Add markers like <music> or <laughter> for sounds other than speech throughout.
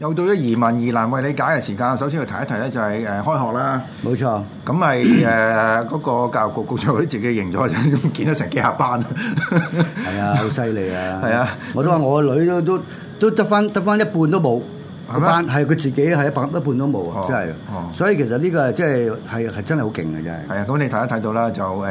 又到咗移民疑難為你解嘅時間，首先去提一提咧、就是，就係誒開學啦。冇錯，咁係誒嗰個教育局局長佢自己認咗，就 <laughs> 咁見到成幾下班，係 <laughs> 啊，好犀利啊！係啊，我都話我個女都都都得翻得翻一半都冇個班，係佢嗎自己係百一半都冇真係，所以其實呢個即係係係真係好勁嘅真係。啊，咁、啊、你睇一睇到啦，就誒誒、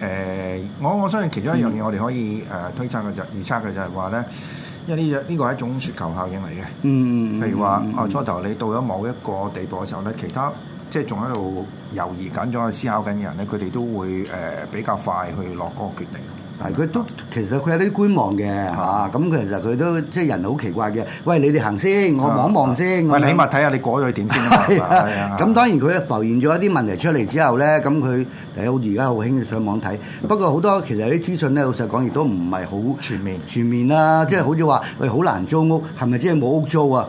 呃，我我，我相信其中一樣嘢，我哋可以誒推測嘅就預測嘅就係話咧。嗯因為呢呢個係一種雪球效應嚟嘅，譬、嗯、如話，啊、嗯、初頭你到咗某一個地步嘅時候咧，其他即係仲喺度猶豫緊咗去思考緊嘅人咧，佢哋都會誒、呃、比較快去落嗰個決定。係，佢都其實佢有啲觀望嘅嚇，咁係、啊、其實佢都即係人好奇怪嘅。喂，你哋行先，我望望先。喂係，我起碼睇下你改咗點先啦。咁當然佢浮現咗一啲問題出嚟之後咧，咁佢誒好而家好興上網睇。不過好多其實啲資訊咧，老實講亦都唔係好全面。全面啦、啊，即係好似話喂，好難租屋，係咪即係冇屋租啊？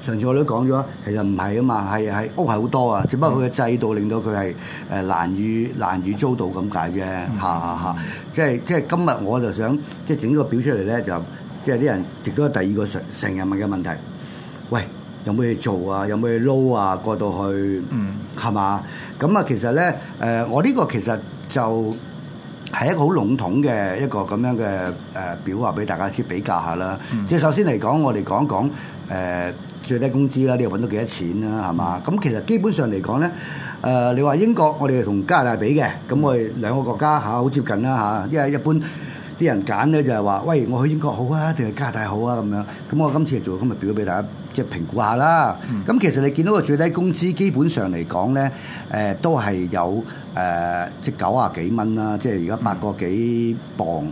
上次我都講咗，其實唔係啊嘛，係係屋係好多啊，只不過佢嘅制度令到佢係誒難以難以租到咁解啫嚇嚇嚇。即係即係今日我就想即係整個表出嚟咧，就即係啲人亦都第二個成成日問嘅問題，喂，有冇嘢做啊？有冇嘢撈啊？過到去，嗯，係嘛？咁啊，其實咧誒、呃，我呢個其實就。係一個好籠統嘅一個咁樣嘅誒表話俾大家先比較一下啦。即係、嗯、首先嚟講，我哋講一講、呃、最低工資啦，你揾到幾多錢啦，係嘛？咁其實基本上嚟講咧，誒、呃、你話英國，我哋係同加拿大比嘅，咁我哋兩個國家嚇好、啊、接近啦嚇、啊。因為一般啲人揀咧就係、是、話，喂，我去英國好啊，定係加拿大好啊咁樣。咁我今次係做今日表俾大家。即係評估下啦，咁、嗯、其實你見到個最低工資基本上嚟講咧，誒、呃、都係有誒即九啊幾蚊啦，即係而家八個幾鎊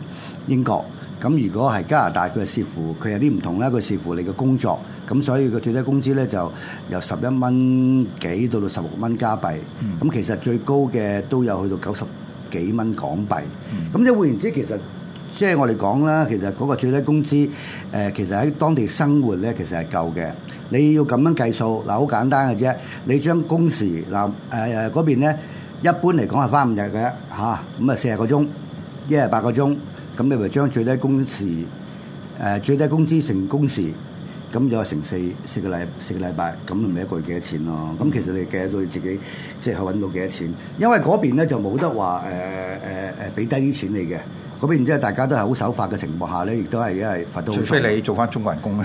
英國。咁、嗯、如果係加拿大，佢係視乎佢有啲唔同啦，佢視乎你嘅工作。咁所以個最低工資咧就由十一蚊幾到到十六蚊加幣。咁、嗯、其實最高嘅都有去到九十幾蚊港幣。咁即係換言之，其實。即係我哋講啦，其實嗰個最低工資，誒，其實喺當地生活咧，其實係夠嘅。你要咁樣計數，嗱，好簡單嘅啫。你將工時嗱，誒誒嗰邊咧，一般嚟講係返五日嘅，嚇，咁啊四十個鐘，一日八個鐘，咁你咪將最低工時，誒最低工資乘工時，咁就係乘四四個禮四個禮拜，咁咪一個月幾多錢咯？咁其實你計到你自己即係去揾到幾多錢，因為嗰邊咧就冇得話誒誒誒俾低啲錢你嘅。咁不然即係大家都係好守法嘅情況下咧，亦都係一係罰到。除非你做翻中國人工咧，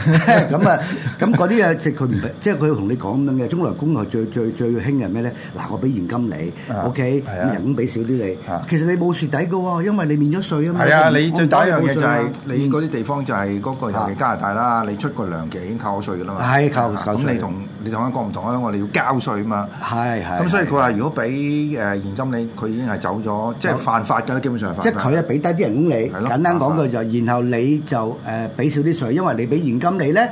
咁啊，咁嗰啲嘢即係佢唔俾即係佢同你講咁樣嘅。中國人工係最最最興嘅係咩咧？嗱，我俾現金你，OK，咁人工俾少啲你。其實你冇蝕底嘅喎，因為你免咗稅啊嘛。係啊，你最第一樣嘢就係你嗰啲地方就係嗰個，尤其加拿大啦，你出個糧其實已經扣咗稅嘅啦嘛。係扣咗稅。咁你同？你講嘅角度唔同啊！我哋要交稅嘛，係係。咁所以佢話：如果俾誒現金你，佢已經係走咗，即係犯法嘅啦，基本上係犯法。即係佢係俾低啲人工你，簡單講句就，然後你就誒俾少啲稅，因為你俾現金你咧，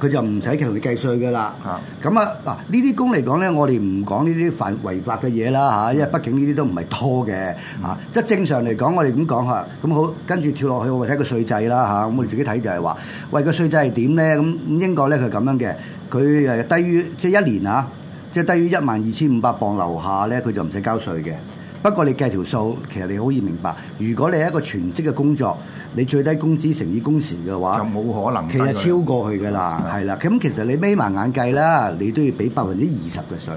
佢就唔使同你計稅嘅啦。咁啊，嗱呢啲工嚟講咧，我哋唔講呢啲犯違法嘅嘢啦嚇，因為畢竟呢啲都唔係拖嘅嚇。即係正常嚟講，我哋咁講嚇，咁好跟住跳落去，我哋睇個稅制啦嚇。咁我哋自己睇就係話，喂個稅制係點咧？咁英國咧，佢係咁樣嘅。佢誒低於即係一年啊，即係低於一萬二千五百磅樓下咧，佢就唔使交稅嘅。不過你計條數，其實你可以明白，如果你係一個全職嘅工作，你最低工資乘以工時嘅話，就冇可能。其實超過去嘅啦，係啦的。咁其實你眯埋眼計啦，你都要俾百分之二十嘅稅。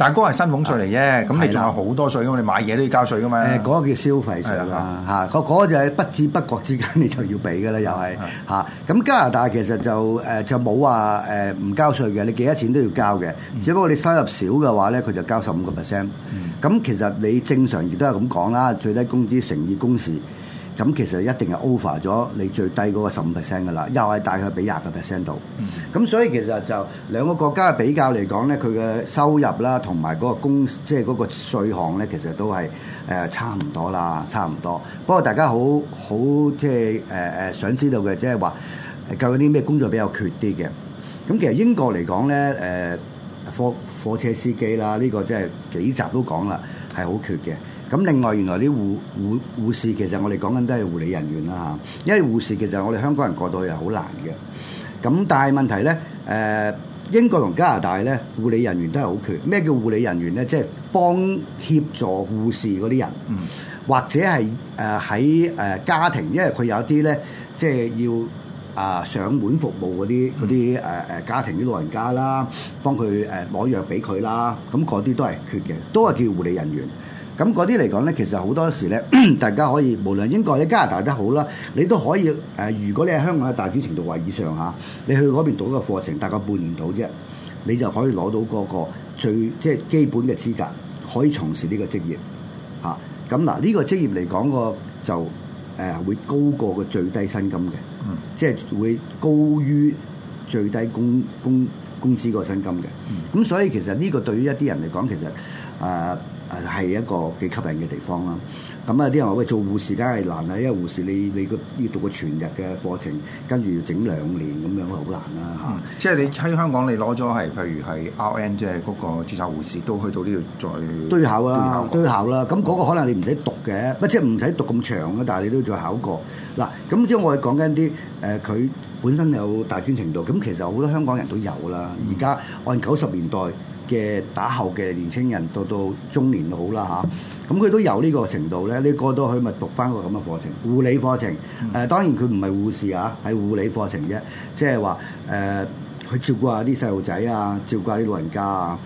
但係嗰個係薪俸稅嚟啫，咁、啊、你仲有好多稅嘅，嘛、啊，你買嘢都要交稅嘅嘛、呃。誒，嗰個叫消費稅啊，嚇，嗰個就係不知不覺之間你就要俾嘅啦，又係嚇。咁、啊啊、加拿大其實就誒、呃、就冇話誒唔交稅嘅，你幾多錢都要交嘅，嗯、只不過你收入少嘅話咧，佢就交十五個 percent。咁、嗯嗯、其實你正常亦都係咁講啦，最低工資乘以工時。咁其實一定係 over 咗你最低嗰個十五 percent 嘅啦，又係大概畀廿個 percent 度。咁、mm hmm. 所以其實就兩個國家嘅比較嚟講咧，佢嘅收入啦，同埋嗰個工即係嗰個稅項咧，其實都係誒差唔多啦，差唔多，差唔多。不過大家好好即係誒誒想知道嘅，即係話究竟啲咩工作比較缺啲嘅？咁其實英國嚟講咧，誒、呃、貨貨車司機啦，呢、呢個即係幾集都講啦，係好缺嘅。咁另外，原來啲護護護士其實我哋講緊都係護理人員啦嚇，因為護士其實我哋香港人過到去係好難嘅。咁但係問題咧，誒、呃、英國同加拿大咧護理人員都係好缺。咩叫護理人員咧？即、就、係、是、幫協助護士嗰啲人，嗯、或者係誒喺誒家庭，因為佢有啲咧即係要啊上門服務嗰啲嗰啲誒誒家庭啲老人家啦，幫佢誒攞藥俾佢啦。咁嗰啲都係缺嘅，都係叫護理人員。咁嗰啲嚟講咧，其實好多時咧，大家可以無論英國或者加拿大都好啦，你都可以誒、呃，如果你喺香港嘅大專程度或以上嚇、啊，你去嗰邊讀一個課程，大概半年到啫，你就可以攞到嗰個最即係基本嘅資格，可以從事呢個職業嚇。咁、啊、嗱，呢、啊這個職業嚟講個就誒、呃、會高過個最低薪金嘅，嗯、即係會高於最低工工工資個薪金嘅。咁、嗯、所以其實呢個對於一啲人嚟講，其實誒。呃誒係一個幾吸引嘅地方啦。咁啊啲人話，喂，做護士梗係難啦，因為護士你你個要讀個全日嘅課程，跟住要整兩年咁樣，好難啦嚇、嗯。即係你喺香港你，你攞咗係譬如係 RN，即係嗰個註冊護士，都去到呢度再對、嗯嗯、都要考啦，都要考啦。咁嗰個可能你唔使讀嘅，不即係唔使讀咁長啦，但係你都要再考過。嗱，咁即係我哋講緊啲誒，佢、呃、本身有大專程度，咁其實好多香港人都有啦。而家按九十年代。嘅打後嘅年青人到到中年好啦吓。咁、啊、佢都有呢個程度咧，你過到去咪讀翻個咁嘅課程，護理課程誒、呃、當然佢唔係護士嚇，係、啊、護理課程啫，即係話誒佢照顧下啲細路仔啊，照顧下啲老人家啊，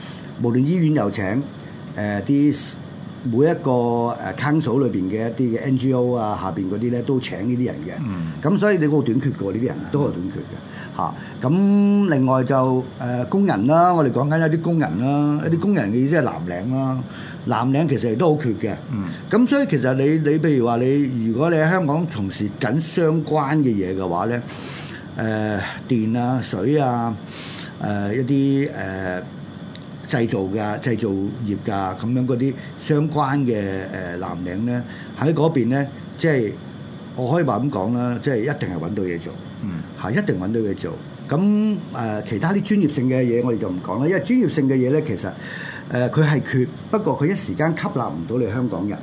無論醫院又請誒啲、呃、每一個誒 council 裏邊嘅一啲嘅 NGO 啊，下邊嗰啲咧都請呢啲人嘅，咁、嗯嗯、所以你個短缺嘅呢啲人都係短缺嘅。嗯嗯嚇！咁另外就誒工人啦，我哋講緊一啲工人啦，一啲工人嘅意思係藍領啦。藍領其實亦都好缺嘅。嗯。咁所以其實你你譬如話你如果你喺香港從事緊相關嘅嘢嘅話咧，誒電啊水啊誒一啲誒製造嘅製造業噶咁樣嗰啲相關嘅誒藍領咧喺嗰邊咧，即係我可以話咁講啦，即係一定係揾到嘢做。嗯，係一定揾到佢做，咁誒、呃、其他啲專業性嘅嘢我哋就唔講啦，因為專業性嘅嘢咧，其實誒佢係缺，不過佢一時間吸納唔到你香港人，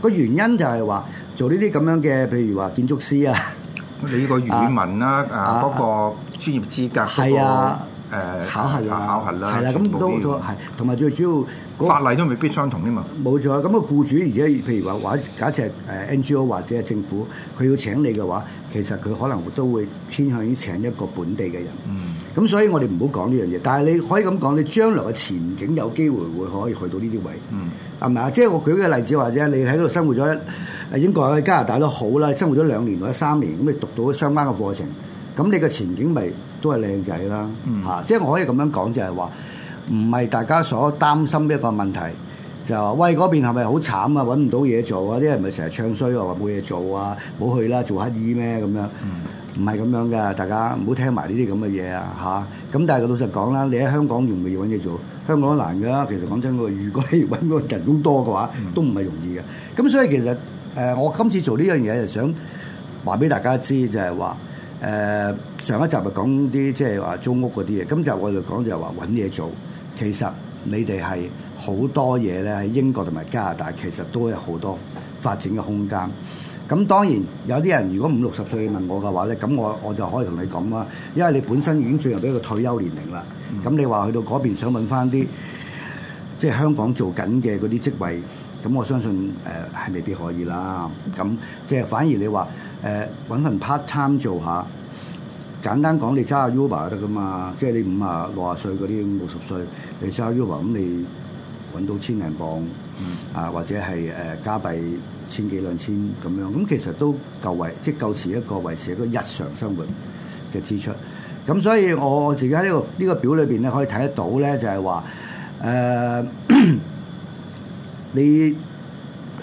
個原因就係話做呢啲咁樣嘅，譬如話建築師啊，你個語文啦啊嗰、啊啊、個專業資格係啊。那個誒考核啦，係啦、呃，咁都都係，同埋的最主要、那個、法例都未必相同啫嘛。冇錯，咁、那個僱主而家譬如話話，假設誒 NGO 或者係政府，佢要請你嘅話，其實佢可能都會偏向於請一個本地嘅人。嗯，咁所以我哋唔好講呢樣嘢，但係你可以咁講，你將來嘅前景有機會會可以去到呢啲位。嗯，係咪啊？即係我舉個例子話啫，或者你喺度生活咗英國過去加拿大都好啦，生活咗兩年或者三年，咁你讀到相關嘅課程，咁你嘅前景咪、就是？都係靚仔啦嚇，即係我可以咁樣講，就係話唔係大家所擔心嘅一個問題，就話喂嗰邊係咪好慘啊？揾唔到嘢做啊！啲人咪成日唱衰話冇嘢做啊，冇去啦，做乞兒咩咁樣？唔係咁樣噶，大家唔好聽埋呢啲咁嘅嘢啊嚇！咁、啊、但係個老實講啦，你喺香港容易揾嘢做，香港難噶。其實講真，我如果你揾個人工多嘅話，都唔係容易嘅。咁、嗯、所以其實誒、呃，我今次做呢樣嘢就想話俾大家知，就係話。誒、呃、上一集咪講啲即係話租屋嗰啲嘢，今集我哋講就係話揾嘢做。其實你哋係好多嘢咧，喺英國同埋加拿大其實都有好多發展嘅空間。咁當然有啲人如果五六十歲問我嘅話咧，咁我我就可以同你講啊，因為你本身已經進入到一個退休年齡啦。咁你話去到嗰邊想揾翻啲即係香港做緊嘅嗰啲職位，咁我相信誒係、呃、未必可以啦。咁即係反而你話。誒揾、呃、份 part time 做下，簡單講，你揸下 Uber 得噶嘛？即係你五啊六啊歲嗰啲五六十歲，你揸 Uber 咁，你揾到千零磅啊，或者係誒、呃、加幣千幾兩千咁樣，咁、嗯嗯、其實都夠維，即、就、係、是、夠持一個維持一個，維持一個日常生活嘅支出。咁所以我自己喺呢、這個呢、這個表裏邊咧，可以睇得到咧，就係話誒，你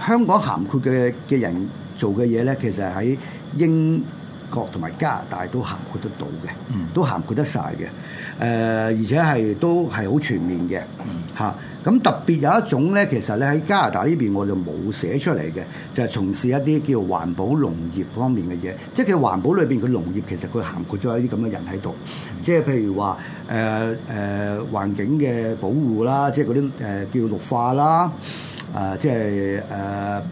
香港涵括嘅嘅人，做嘅嘢咧，其實喺英國同埋加拿大都涵括得到嘅，都涵括得晒嘅。誒、呃，而且係都係好全面嘅。嚇、啊，咁特別有一種咧，其實咧喺加拿大呢邊我就冇寫出嚟嘅，就係、是、從事一啲叫環保農業方面嘅嘢。即係嘅環保裏邊，佢農業其實佢涵括咗一啲咁嘅人喺度。即係譬如話，誒、呃、誒、呃、環境嘅保護啦，即係嗰啲誒叫綠化啦，誒、呃、即係誒。呃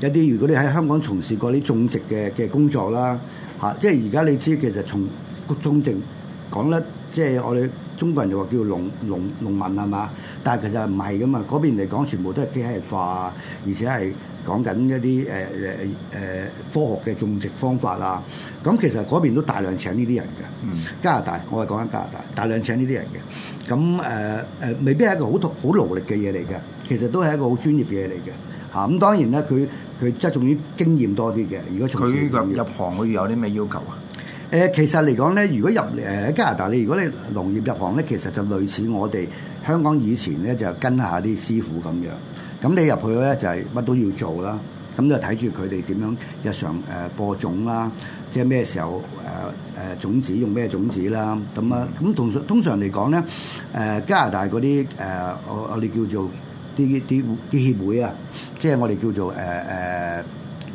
一啲如果你喺香港從事過啲種植嘅嘅工作啦，嚇、啊，即係而家你知其實從種植講得，即係我哋中國人就話叫農農農民係嘛，但係其實唔係㗎嘛，嗰邊嚟講全部都係機械化，而且係講緊一啲誒誒誒科學嘅種植方法啦。咁、啊、其實嗰邊都大量請呢啲人嘅，嗯、加拿大我係講緊加拿大大量請呢啲人嘅。咁誒誒，未必係一個好徒好勞力嘅嘢嚟嘅，其實都係一個好專業嘅嘢嚟嘅。嚇咁、嗯、當然咧，佢佢側重於經驗多啲嘅。如果佢入、入行，行，佢要有啲咩要求啊？誒、呃，其實嚟講咧，如果入誒、呃、加拿大咧，你如果你農業入行咧，其實就類似我哋香港以前咧，就跟下啲師傅咁樣。咁你入去咧就係、是、乜都要做啦。咁就睇住佢哋點樣日常誒播種啦，即係咩時候誒誒、呃、種子用咩種子啦。咁啊咁通常通常嚟講咧，誒、呃、加拿大嗰啲誒我我哋叫做。啲啲啲協會啊，即係我哋叫做誒誒、呃、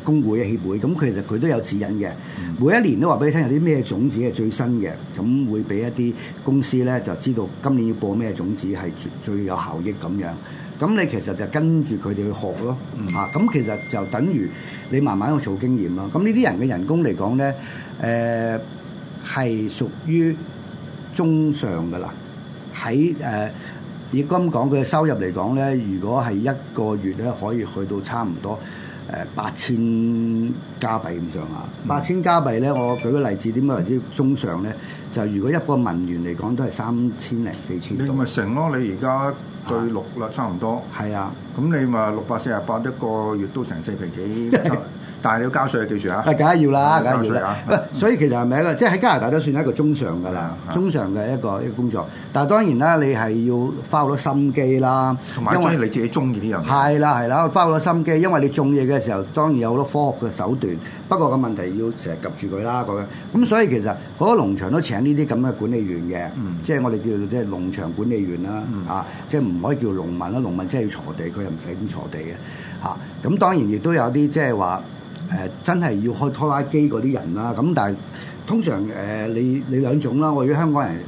工會嘅協會，咁其實佢都有指引嘅，每一年都話俾你聽有啲咩種子係最新嘅，咁會俾一啲公司咧就知道今年要播咩種子係最有效益咁樣。咁你其實就跟住佢哋去學咯，嚇咁、嗯啊、其實就等於你慢慢去做經驗咯。咁呢啲人嘅人工嚟講咧，誒係屬於中上噶啦，喺誒。呃以今講，佢嘅收入嚟講咧，如果係一個月咧，可以去到差唔多誒八千加幣咁上下。八千加幣咧、嗯，我舉個例子點解為之中上咧？就如果一個文員嚟講，都係三千零四千你。你咪成咯！你而家對六啦，啊、差唔多。係是啊，咁你咪六百四十八一個月都成四皮幾。 <laughs> 但係你要交稅啊，記住啊。係，梗係要啦，梗係要啦。所以其實係咪一個，即係喺加拿大都算係一個中上嘅啦，的中上嘅一個一個工作。但係當然啦，你係要花好多心機啦，因為你自己中意啲嘢。係啦為，係啦、嗯，花好多心機，因為你種嘢嘅時候當然有好多科學嘅手段。不過個問題要成日及住佢啦咁樣。咁所以其實好多農場都請呢啲咁嘅管理員嘅，嗯、即係我哋叫做即係農場管理員啦。啊、嗯，即係唔可以叫農民啦，農民即係要鋤地，佢又唔使咁鋤地嘅。嚇，咁當然亦都有啲即係話。就是誒真係要開拖拉機嗰啲人啦，咁但係通常誒、呃、你你兩種啦。我覺得香港人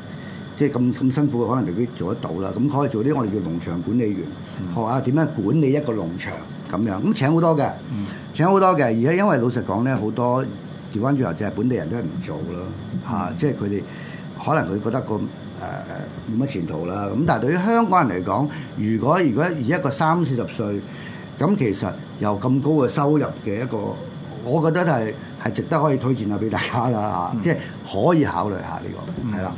即係咁咁辛苦嘅，可能未必做得到啦。咁可以做啲我哋叫農場管理員，學下點樣管理一個農場咁樣。咁請好多嘅，嗯、請好多嘅。而家因為老實講咧，好多調翻轉頭就係本地人都係唔做咯嚇、啊，即係佢哋可能佢覺得、個誒誒冇乜前途啦。咁但係對於香港人嚟講，如果如果，如果以一個三四十歲咁，其實有咁高嘅收入嘅一個。我覺得都係值得可以推薦下俾大家啦嚇，嗯、即係可以考慮下呢、呢個，係啦。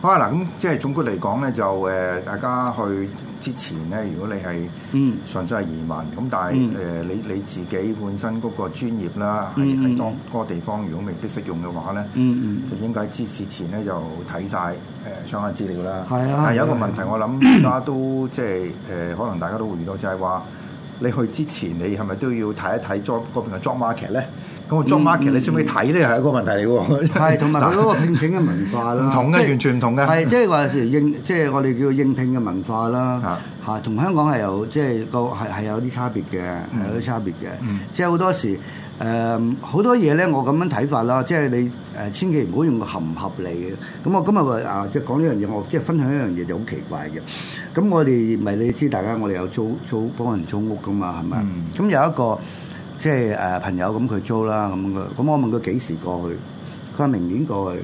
好啊嗱，咁即係總括嚟講咧，就誒大家去之前咧，如果你係純粹係移民，咁、嗯、但係誒你你自己本身嗰個專業啦，喺喺當嗰個地方如果未必適用嘅話咧，就應該知事前咧就睇晒誒相關資料啦。係啊，但係有一個問題，我諗大家都即係誒，可能大家都會遇到就，就係話。你去之前，你係咪都要睇一睇 job 嗰邊嘅 job market 咧？咁、個 job market、嗯嗯、你識唔識睇呢？又係一個問題嚟嘅。係同埋佢嗰個聘請嘅文化，唔 <laughs> 同嘅的，即完全唔同嘅。係即係話時應即係我哋叫應聘嘅文化啦。嚇嚇是，同香港係有即係個係係有啲差別嘅，嗯、有啲差別嘅。即係好多時。誒好、um, 多嘢咧，我咁樣睇法啦，即係你誒、呃、千祈唔好用個合唔合理嘅。咁、嗯、我今日話啊，即係講呢樣嘢，我即係分享一樣嘢就好奇怪嘅。咁、嗯、我哋咪你知大家，我哋有租租幫人租屋噶嘛，係咪？咁、嗯嗯嗯、有一個即係誒、呃、朋友咁，佢租啦，咁咁我問佢幾時過去，佢話明年過去。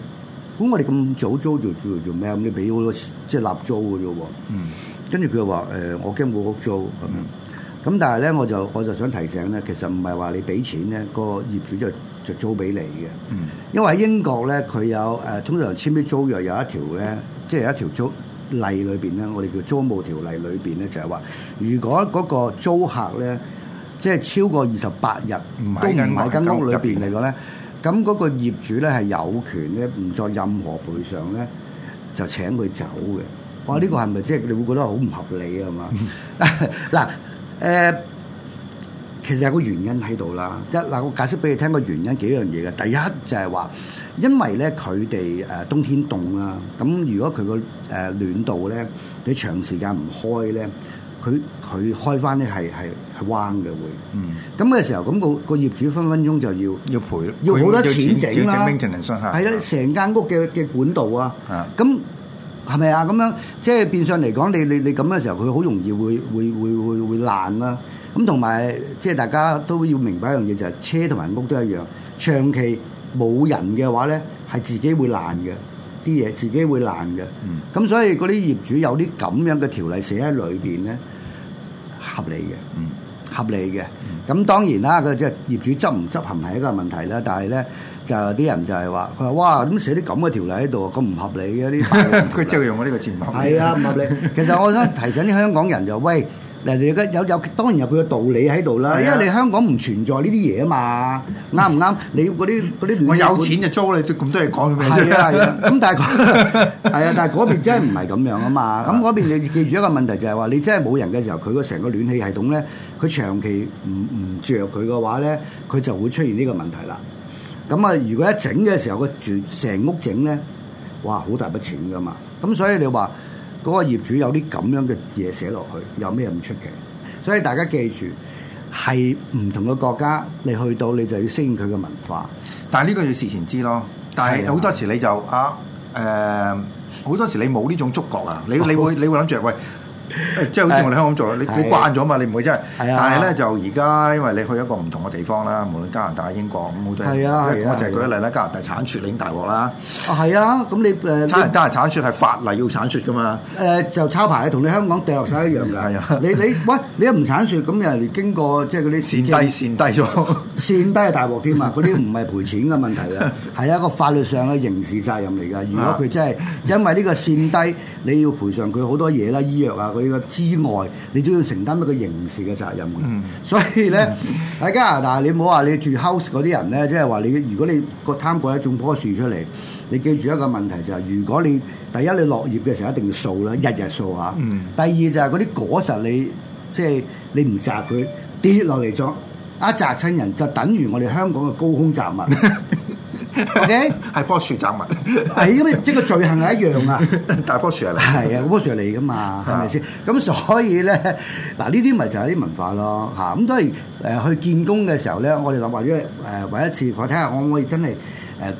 咁我哋咁早租就做做咩？咁你俾好多即係立租嘅啫喎。跟住佢話誒，我驚冇屋租咁樣。咁但係咧，我就我就想提醒咧，其實唔係話你俾錢咧，個業主就就租俾你嘅。嗯。因為喺英國咧，佢有誒通常簽啲租約有一條咧，即係一條租例裏邊咧，我哋叫租務條例裏邊咧，就係話，如果嗰個租客咧，即係超過二十八日都唔喺間屋裏邊嚟講咧，咁嗰個業主咧係有權咧唔作任何賠償咧，就請佢走嘅。哇！呢個係咪即係你會覺得好唔合理啊？嘛、嗯，嗱。 <laughs> 誒，其實有個原因喺度啦，一嗱，我解釋俾你聽個原因幾樣嘢嘅。第一就係話，因為咧佢哋誒冬天凍啦、啊。咁如果佢個誒暖度咧，你長時間唔開咧，佢佢開翻咧係係係彎嘅會，嗯，咁嘅時候咁、嗰個個業主分分鐘就要要賠陪，要好多錢整啦，係啦整，了成間屋嘅嘅管道啊，啊、嗯嗯，咁。嗯係咪啊？咁樣即係變相嚟講，你你你咁嘅時候，佢好容易會會會會會爛啦、啊。咁同埋即係大家都要明白一樣嘢，就係、是、車同埋屋都一樣，長期冇人嘅話咧，係自己會爛嘅，啲嘢自己會爛嘅。咁、嗯、所以嗰啲業主有啲咁樣嘅條例寫喺裏邊咧，合理嘅，合理嘅。嗯咁當然啦，佢即係業主執唔執行係一個問題啦，但係咧就有啲人就係話佢話哇，咁寫啲咁嘅條例喺度，咁唔合理嘅啲，佢就用我呢個字唔合。係啊，唔 <laughs> 合理。其實我想提醒啲香港人就是、喂。嗱，你嘅有有當然有佢嘅道理喺度啦，因為對呀 你香港唔存在呢啲嘢啊嘛，啱唔啱？你嗰啲嗰啲暖氣我有錢就那租你，咁多嘢講做咩？係啊，咁但係係啊，但係嗰 <laughs> 邊真係唔係咁樣啊嘛。咁嗰 <laughs> 邊你記住一個問題就係話，你真係冇人嘅時候，佢個成個暖氣系統咧，佢長期唔唔著佢嘅話咧，佢就會出現呢個問題啦。咁啊，如果一整嘅時候個住成屋整咧，哇，好大筆錢噶嘛。咁所以你話。嗰個業主有啲咁樣嘅嘢寫落去，有咩唔出奇？所以大家記住，係唔同嘅國家，你去到你就要適應佢嘅文化。但係呢個要事前知咯。但係好多時你就啊，誒、呃，好多時你冇呢種觸覺啊，你你會你會諗住：「喂。即係好似我哋香港做，你你慣咗嘛？你唔會真係，但係咧就而家因為你去一個唔同嘅地方啦，無論加拿大、英國咁，好多係啊，講就舉例啦，加拿大剷雪領大鑊啦。啊，係啊，咁你誒加拿大剷雪係法例要剷雪㗎嘛？誒，就抄牌啊，同你香港掉落晒一樣㗎。係啊，你你喂，你一唔剷雪，咁人哋經過即係嗰啲線低線低咗，線低係大鑊添嘛，嗰啲唔係賠錢嘅問題啊，係一個法律上嘅刑事責任嚟㗎。如果佢真係因為呢個線低，你要賠償佢好多嘢啦，醫藥啊。佢嘅之外，你都要承擔一個刑事嘅責任嘅。嗯、所以咧，喺 <laughs> 加拿大，你唔好話你住 house 嗰啲人咧，即係話你，如果你個貪一種棵樹出嚟，你記住一個問題就係、是，如果你第一你落葉嘅時候一定要掃啦，日日掃吓。嗯、第二就係嗰啲果實你，就是，你即係你唔摘佢跌落嚟咗一摘親人，就等於我哋香港嘅高空雜物。 <laughs> O K，係棵樹斬埋，係因為即個罪行係一樣 <laughs> <laughs> 啊，一啊，但係棵樹係嚟，係啊，棵樹嚟噶嘛，係咪先？咁所以咧，嗱呢啲咪就係啲文化咯，吓咁都係誒去見工嘅時候咧，我哋諗話即係誒，搵，呃、一次，看看我睇下可唔可以真係誒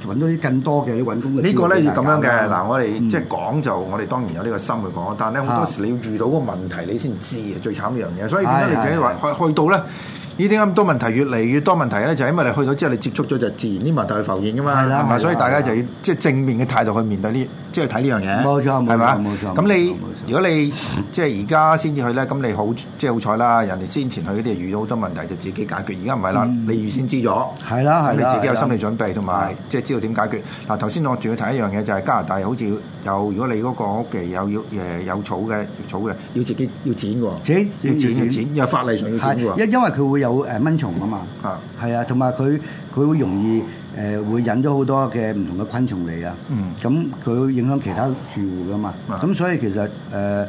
搵到啲更多嘅啲搵工嘅呢個咧要咁樣嘅，嗱，啊、我哋即係講就我哋當然有呢個心去講，但係咧好多時你要遇到個問題你先知啊，最慘一樣嘢，所以點解你話去，啊、去到咧？嗯呢啲咁多問題，越嚟越多問題咧，就係因為你去咗之後，你接觸咗就自然啲問題會浮現㗎嘛。係啦，同埋所以大家就要即係正面嘅態度去面對呢，即係睇呢樣嘢。冇錯，係嘛？冇錯。咁你如果你即係而家先至去咧，咁你好即係好彩啦。人哋先前去嗰啲遇到好多問題，就自己解決。而家唔係啦，你預先知咗，係啦，係你自己有心理準備同埋即係知道點解決。嗱，頭先我仲要提一樣嘢，就係加拿大好似。有如果你嗰個屋企有要誒、呃、有草嘅草嘅，要自己要剪喎，剪要剪要剪，又法例上要剪喎。因剪因為佢會有誒蚊蟲啊嘛，係啊是的，同埋佢佢會容易誒會、呃、引咗好多嘅唔同嘅昆蟲嚟啊。嗯，咁佢會影響其他住戶㗎嘛。咁是的 所以其實誒。呃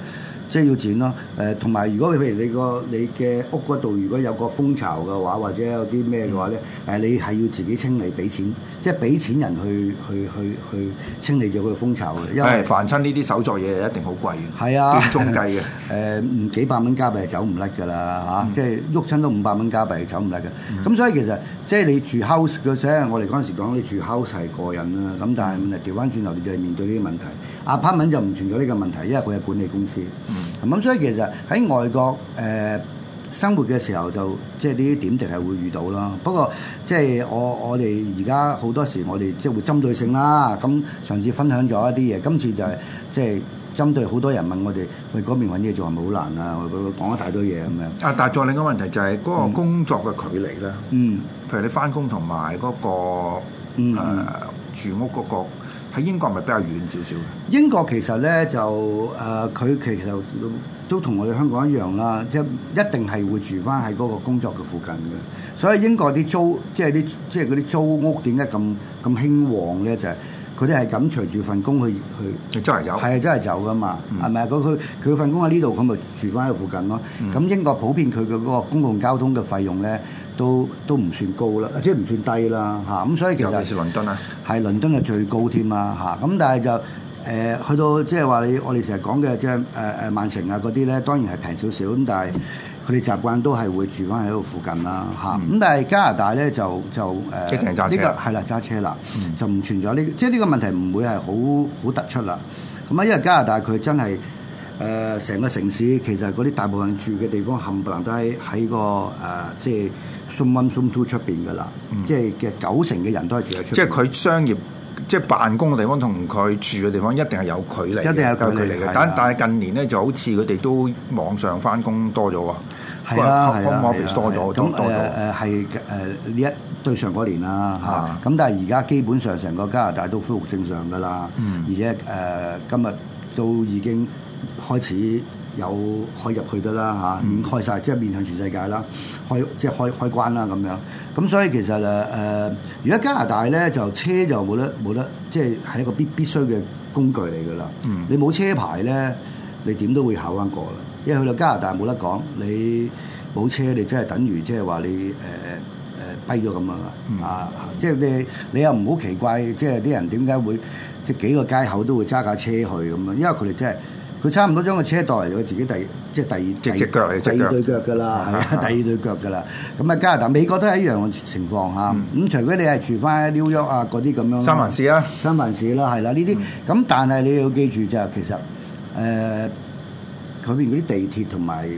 即係要錢咯，誒、呃，同埋如果譬如你個你嘅屋嗰度如果有個蜂巢嘅話，或者有啲咩嘅話咧，誒、嗯呃，你係要自己清理，俾錢，即係俾錢人去去去去清理咗佢個蜂巢嘅。係，凡親呢啲手作嘢一定好貴嘅。係、啊、中計嘅、嗯，誒、呃，唔幾百蚊加幣走唔甩㗎啦嚇，啊嗯、即係喐親都五百蚊加幣走唔甩嘅。咁、嗯、所以其實即係你住 house 嘅啫，我哋嗰陣時講你住 house 係、啊、過癮啦，咁但係調翻轉頭你就係面對呢啲問題。阿 partment 就唔存在呢個問題，因為佢係管理公司。嗯咁所以其實喺外國，誒、呃、生活嘅時候就即係呢啲點滴係會遇到啦。不過即係、就是、我我哋而家好多時我哋即係會針對性啦。咁上次分享咗一啲嘢，今次就係即係針對好多人問我哋去嗰邊揾嘢做係咪好難啊？我講一大堆嘢咁樣。啊、嗯！嗯、但係再另一個問題就係、是、嗰、那個工作嘅距離啦、嗯。嗯，譬如你返工同埋嗰個誒、呃、住屋嗰、那個。喺英國咪比較遠少少嘅。英國其實咧就誒，佢、呃、其實都同我哋香港一樣啦，即係一定係會住翻喺嗰個工作嘅附近嘅。所以英國啲租，即係啲即係啲租屋點解咁咁興旺咧？就係佢哋係咁隨住份工去去。走嚟走。係啊，真係走嚟走噶嘛。係咪啊？佢佢佢份工喺呢度，咁咪住翻喺附近咯。咁、嗯、英國普遍佢嘅嗰個公共交通嘅費用咧。都都唔算高啦，即係唔算低啦，嚇、啊、咁所以其實尤其是倫敦，是倫敦啊，係倫敦嘅最高添啦，嚇，咁但係就誒去到即係話你我哋成日講嘅即係誒誒曼城啊嗰啲咧，當然係平少少咁，但係佢哋習慣都係會住翻喺度附近啦，嚇、啊、咁、嗯、但係加拿大咧就就誒呢個係啦，揸車啦，就唔存在呢，即係呢個問題唔會係好好突出啦，咁啊因為加拿大佢真係。誒成、呃、個城市其實嗰啲大部分住嘅地方冚唪唥都喺喺個誒、呃、即係 zone one zone two 出邊噶啦，即係嘅九成嘅人都係住喺出邊。即係佢商業即係辦公嘅地方同佢住嘅地方一定係有距離，一定有夠距離嘅是、啊。但但係近年咧就好似佢哋都網上翻工多咗喎，home office 多咗咁。誒誒係呢一對上嗰年啦嚇，咁、啊嗯啊啊啊啊嗯呃、但係而家基本上成個加拿大都恢復正常噶啦、啊，而且誒今日都已經。呃 uh, uh, 開始有開入去得啦嚇，開晒、嗯，即係面向全世界啦，開即係開開關啦咁樣。咁所以其實誒誒，而、呃、家加拿大咧就車就冇得冇得，即係係一個必必須嘅工具嚟㗎啦。你冇車牌咧，你點都會考翻過啦。因為去到加拿大冇得講，你冇車你真係等於即係話你誒誒誒跛咗咁啊嘛。呃呃樣嗯、啊，即係你你又唔好奇怪，即係啲人點解會即係幾個街口都會揸架車去咁啊？因為佢哋真係。佢差唔多將個車代嚟咗自己第即係第二隻腳嚟，第二對腳噶啦、啊，第二對腳噶啦。咁啊，加拿大、美國都係一樣嘅情況吓。咁、嗯、除非你係住翻 New York 啊嗰啲咁樣。三藩市啊，三藩市啦，係啦，呢啲咁。嗯、但係你要記住就係其實誒，佢、呃、邊嗰啲地鐵同埋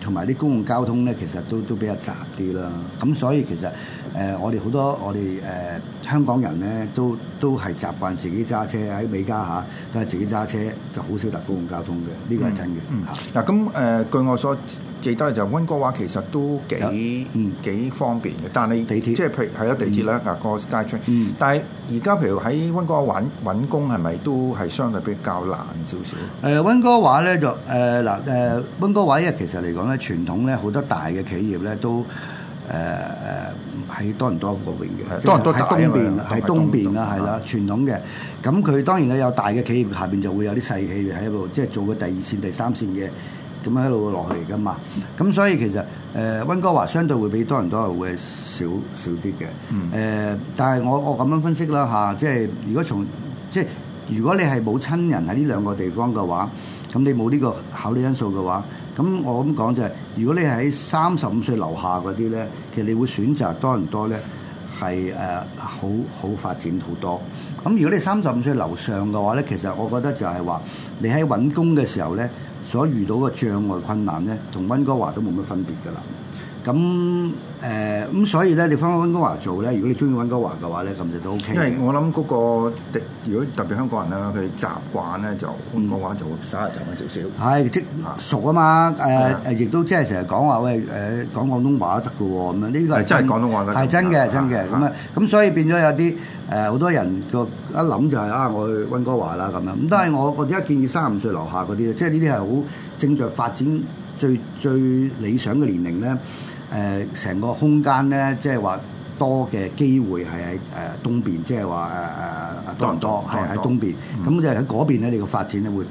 同埋啲公共交通咧，其實都都比較窄啲啦。咁所以其實。誒、呃，我哋好多我哋誒、呃、香港人咧，都都係習慣自己揸車喺美加嚇，都係自己揸車，就好少搭公共交通嘅。呢個係真嘅、嗯。嗯。嚇是。嗱，咁誒，據我所記得咧，就溫哥華其實都幾、嗯、幾方便嘅，但係地鐵，即係譬如係咗地鐵啦，那個 Skytrain、嗯。但係而家譬如喺溫哥華揾工，係咪都係相對比較難少少？誒、呃，溫哥華咧就誒嗱誒，溫、呃呃、哥華咧其實嚟講咧，傳統咧好多大嘅企業咧都。誒誒，喺、呃、多倫多嗰邊嘅，喺的東邊，喺東，東，東邊啦，係啦，的東東傳統嘅。咁佢當然佢有大嘅企業，下邊就會有啲細企業喺度，即係做嘅第二線、第三線嘅，咁樣喺度落去㗎嘛。咁所以其實誒，呃、温哥華相對會比多倫多會少少啲嘅。誒、嗯呃，但係我我咁樣分析啦嚇、啊，即係如果從即係如果你係冇親人喺呢兩個地方嘅話，咁你冇呢個考慮因素嘅話。咁我咁講就係、是，如果你喺三十五歲樓下嗰啲咧，其實你會選擇多唔多咧？係誒、呃、好好發展好多。咁如果你三十五歲樓上嘅話咧，其實我覺得就係話你喺揾工嘅時候咧，所遇到嘅障礙困難咧，同溫哥華都冇乜分別噶啦。咁誒咁、呃、所以咧，你翻溫哥華做咧，如果你中意溫哥華嘅話咧，咁就都 OK。因為我諗嗰、那個如果特別香港人咧，佢習慣咧就溫哥華就三日就揾少少。係、嗯、即啊熟啊嘛！誒、呃、誒，亦的都即係成日講話喂誒、呃，講廣東話得噶喎咁樣。呢個係真係、啊、廣東話得。係真嘅真嘅咁啊！咁所以變咗有啲誒，好、呃、多人個一諗就係、是、啊，我去溫哥華啦咁樣。咁但係我我而家建議三十五歲樓下嗰啲即係呢啲係好正在發展最最，最，最理想嘅年齡咧。呢誒成、呃、個空間咧，即係話多嘅機會係喺誒東邊，即係話誒誒多唔多？係喺是東邊，咁、嗯、就喺嗰邊咧，你個發展咧會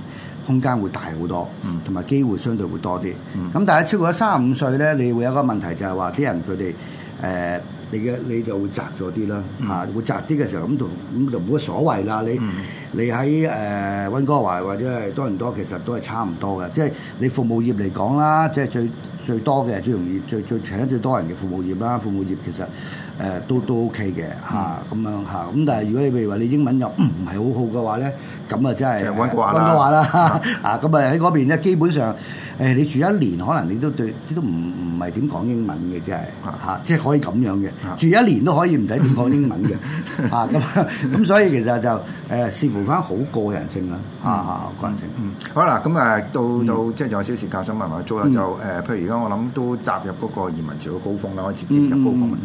空間會大好多，同埋、嗯、機會相對會多啲。咁、嗯、但係超過咗三十五歲咧，你會有一個問題就係話啲人佢哋誒你嘅你就會窄咗啲啦，嚇、嗯啊、會窄啲嘅時候咁就咁就冇乜所謂啦，你。嗯。你喺誒温哥華或者係多倫多，其實都係差唔多嘅。即係你服務業嚟講啦，即係最最多嘅、最容易、最最請得最多人嘅服務業啦。服務業其實誒、呃、都都 OK 嘅嚇咁樣嚇。咁、嗯啊、但係如果你譬如話你英文又唔係好好嘅話咧，咁啊真係温哥華温哥華，啦啊，咁啊，喺嗰邊咧，基本上。誒，你住一年可能你都對，即都唔唔係點講英文嘅，即係嚇，即係可以咁樣嘅，住一年都可以唔使點講英文嘅，啊咁咁，所以其實就誒視乎翻好個人性啊，嚇個人性。好啦，咁誒到到即係仲有小時教收埋埋租啦，就誒，譬如而家我諗都踏入嗰個移民潮嘅高峰啦，開始接近高峰。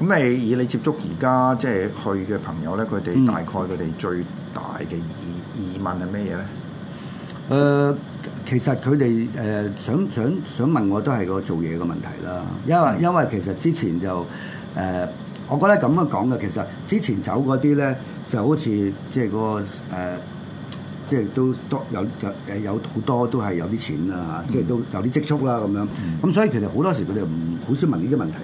咁你以你接觸而家即係去嘅朋友咧，佢哋大概佢哋最大嘅疑疑問係咩嘢咧？誒。其實佢哋誒想想想問我都係個做嘢嘅問題啦，因為因為其實之前就誒、呃，我覺得咁樣講嘅，其實之前走嗰啲咧就好似即係個誒，即係、嗰個呃、都多有有有好多都係有啲錢啦、啊嗯、即係都有啲積蓄啦、啊、咁樣。咁、嗯、所以其實好多時佢哋唔好少問呢啲問題，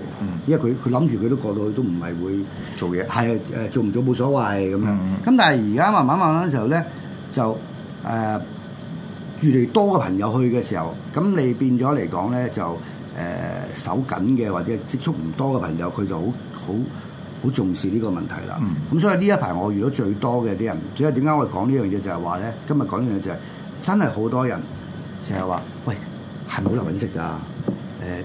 因為佢佢諗住佢都過到去都唔係會做嘢，係誒做唔做冇所謂咁樣。咁、嗯、但係而家慢慢慢慢嘅時候咧，就誒。呃越嚟越多嘅朋友去嘅時候，咁你變咗嚟講咧，就誒手、呃、緊嘅或者積蓄唔多嘅朋友，佢就好好好重視呢個問題啦。咁、嗯、所以呢一排我遇到最多嘅啲人，主要點解我哋講呢樣嘢就係話咧，今日講呢樣嘢就係、是、真係好多人成日話，喂係咪好難揾食㗎？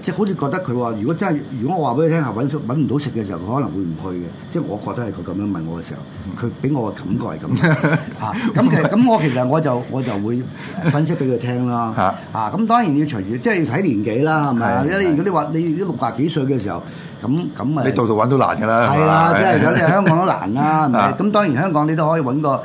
誒，即係好似覺得佢話，如果真係，如果我話俾佢聽係揾唔到食嘅時候，佢可能會唔去嘅。即係我覺得係佢咁樣問我嘅時候，佢俾我嘅感覺係咁。咁其實咁我其實我就我就會分析俾佢聽啦。嚇。咁當然要隨住，即係要睇年紀啦，係咪啊？如果你話你六十幾歲嘅時候，咁咁啊，你度度揾都難㗎啦，係咪啊？即係有你香港都難啦。咁當然香港你都可以揾個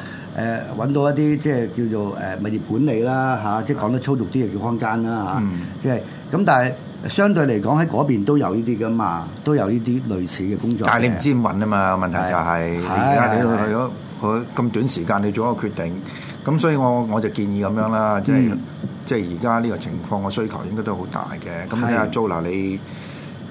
揾到一啲即係叫做誒物業管理啦嚇，即係講得粗俗啲就叫看更啦嚇。即係咁，但係。相對嚟講喺嗰邊都有呢啲㗎嘛，都有呢啲類似嘅工作。但係你唔知點揾啊嘛，問題就係而家你去咗佢咁短時間，你做一個決定。咁所以我我就建議咁樣啦、即係嗯，即係即係而家呢個情況嘅需求應該都好大嘅。咁你阿 Joe 啦，你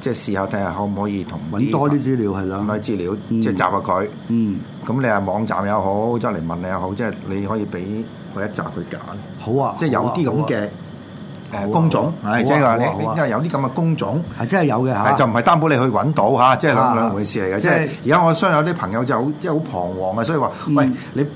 即係試下睇下可唔可以同揾多啲資料係啦，多啲資料即係集下佢。嗯，咁、嗯、你係網站又好，好，即係嚟問你又好，即係你可以俾佢一集佢揀。好啊，即係有啲咁嘅。誒工種，係即係話你，因為有啲咁嘅工種，係真係有嘅嚇，就唔係擔保你去揾到嚇，即係兩兩回事嚟嘅。即係而家我相信有啲朋友就好，即係好彷徨嘅，所以話：喂，你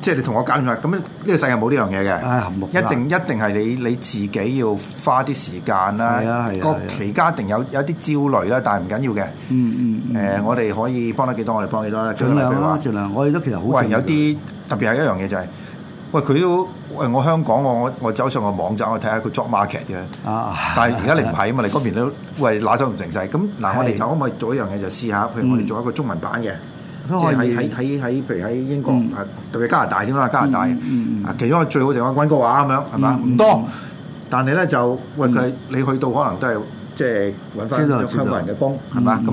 即係你同我搞掂下，咁樣呢個世界冇呢樣嘢嘅，一定一定係你你自己要花啲時間啦，各期間一定有有啲焦慮啦，但係唔緊要嘅。嗯嗯，誒，我哋可以幫得幾多，我哋幫幾多啦。儘量咯，儘量，我哋都其實好。喂，有啲特別係一樣嘢就係。喂，佢都喂我香港我我走上個網站我睇下佢做 market 嘅，但係而家你唔係啊嘛，你嗰邊都喂揦手唔成勢。咁嗱，我哋就可唔可以做一樣嘢就試下，譬如我哋做一個中文版嘅，即係喺喺喺譬如喺英國啊，特別加拿大先啦，加拿大其中最最好地方 Joe 哥話咁樣係嘛？唔多，但係咧就喂佢，你去到可能都係即係揾翻香港人嘅工係嘛？咁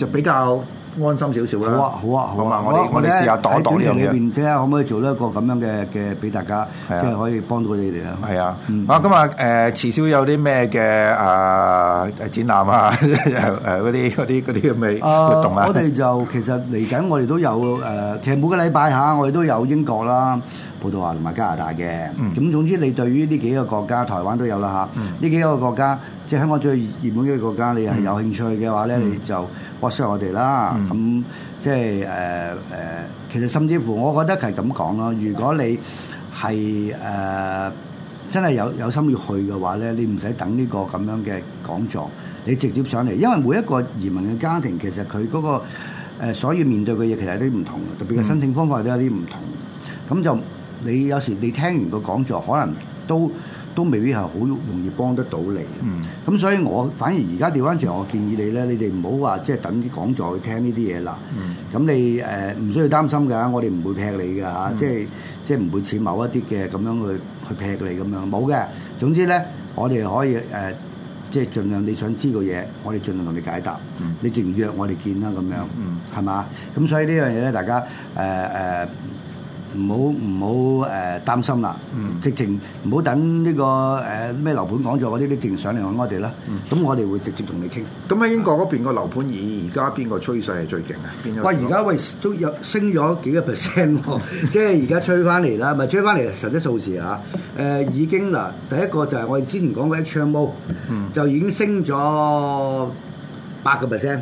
就比較。安心少少啦、啊。好啊好啊，好啊我話我哋我哋試下袋袋呢樣嘢。邊睇下可唔可以做到一個咁樣嘅嘅，俾大家、啊、即係可以幫到你哋咧。係啊。啊、嗯，咁啊誒遲少有啲咩嘅啊誒展覽啊誒嗰啲嗰啲嗰啲咁嘅活動啊？呃、我哋就其實嚟緊，我哋都有誒、呃，其實每個禮拜嚇，我哋都有英國啦。葡萄牙同埋加拿大嘅，咁、嗯、總之你對於呢幾個國家，台灣都有啦、啊、嚇。呢、嗯、幾個國家，即係香港最熱門嘅國家，你係有興趣嘅話咧，嗯、你就 WhatsApp 我哋啦。咁、嗯、即係誒誒，其實甚至乎，我覺得係咁講咯。如果你係誒、呃、真係有有心要去嘅話咧，你唔使等呢個咁樣嘅講座，你直接上嚟，因為每一個移民嘅家庭，其實佢嗰、那個、呃、所要面對嘅嘢，其實有啲唔同，特別嘅申請方法都有啲唔同，咁就。你有時你聽完個講座，可能都都未必係好容易幫得到你。咁所以我反而而家調翻轉，我建議你咧，你哋唔好話即係等啲講座去聽呢啲嘢啦。咁你誒唔需要擔心㗎，我哋唔會劈你㗎吓，即係即係唔會似某一啲嘅咁樣去去劈你咁樣。冇嘅，總之咧，我哋可以誒，即係盡量你想知個嘢，我哋盡量同你解答。你仲約我哋見啦咁樣，係嘛？咁所以呢樣嘢咧，大家誒誒。唔好唔好誒擔心啦，嗯、直情唔好等呢、這個誒咩、呃、樓盤講咗嗰啲你直情上嚟揾我哋啦。咁、嗯、我哋會直接同你傾。咁喺英國嗰邊個樓盤，而家邊個趨勢係最勁啊？邊一喂，而家喂都有升咗幾個 percent， <laughs> 即係而家吹翻嚟啦，咪吹翻嚟實質數字啊？誒，已經嗱，第一個就係我哋之前講嘅 HMO，就已經升咗八個 percent，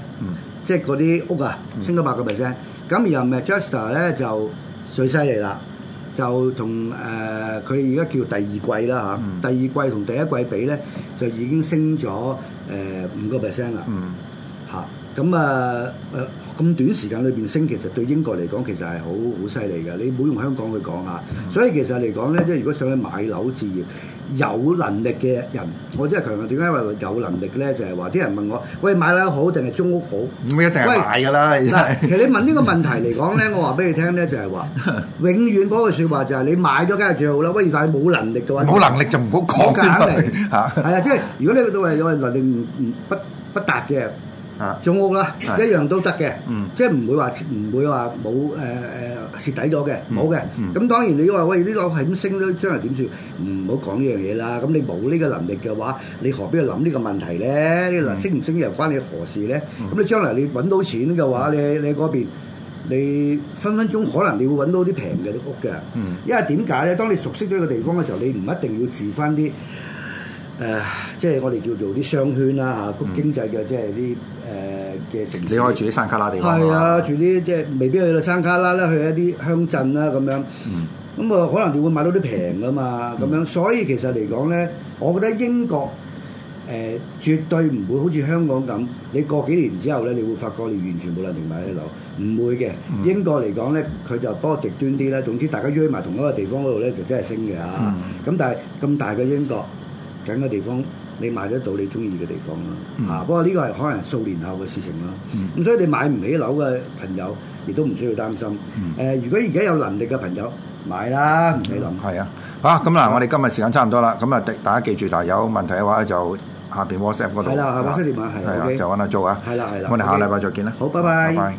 即係嗰啲屋啊，升咗八個 percent。咁然後 Manchester 咧就最犀利啦，就同誒佢而家叫第二季啦吓，嗯、第二季同第一季比咧，就已經升咗誒五個 percent 啦吓。呃咁、嗯、啊，誒咁短時間裏邊升，其實對英國嚟講，其實係好好犀利嘅。你唔好用香港去講啊。嗯、所以其實嚟講咧，即係如果想去買樓置業，有能力嘅人，我真係強調，點解話有能力咧？就係話啲人問我，喂，買樓好定係租屋好？唔啊，一定係買㗎啦！為其實你問呢個問題嚟講咧， <laughs> 我話俾你聽咧，就係話，永遠嗰句説話就係你買咗梗係最好啦。喂，不過但係冇能力嘅話，冇能力就唔好講啲嘢嚇。係啊，即係、 <laughs> 就是、如果你到話有能力唔唔不不，不，不達嘅。啊，租屋啦，的一樣都得嘅，嗯、即係唔會話唔會話冇誒誒蝕底咗嘅，冇、呃、嘅。咁、嗯嗯、當然你話喂呢個係咁升咗，將來點算？唔好講呢樣嘢啦。咁你冇呢個能力嘅話，你何必去諗呢個問題咧？嗱、嗯，升唔升又關你何事咧？咁、嗯、你將來你揾到錢嘅話，你你嗰邊你分分鐘可能你會揾到啲平嘅屋嘅。嗯、因為點解咧？當你熟悉咗一個地方嘅時候，你唔一定要住返啲。誒，即係我哋叫做啲商圈啦嚇，個經濟嘅即係啲誒嘅城市。你可以住啲山卡拉地方。係啊，住啲即係未必去到山卡拉啦，去一啲鄉鎮啦咁樣。咁啊，可能你會買到啲平㗎嘛，咁樣。所以其實嚟講咧，我覺得英國誒絕對唔會好似香港咁。你過幾年之後咧，你會發覺你完全冇能力買起樓，唔會嘅。英國嚟講咧，佢就不過極端啲啦。總之大家約埋同一個地方嗰度咧，就真係升嘅嚇。咁但係咁大嘅英國。緊嘅地方，你買得到你中意嘅地方咯嚇。不過呢個係可能數年後嘅事情咯。咁所以你買唔起樓嘅朋友，亦都唔需要擔心。誒，如果而家有能力嘅朋友買啦，唔使諗。係啊，啊好，咁嗱，我哋今日時間差唔多啦。咁啊，大家記住，嗱，有問題嘅話就下邊 WhatsApp 嗰度。係啦，WhatsApp 電話係。係啊，就揾阿 Jo 啊。係啦，係啦。我哋下禮拜再見啦。好，拜拜。